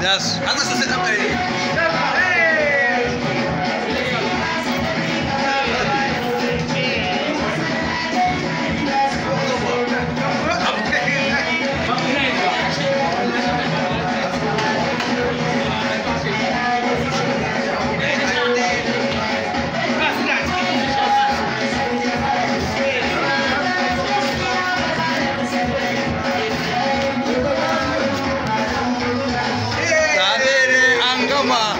Yes. Ana so sai Come on.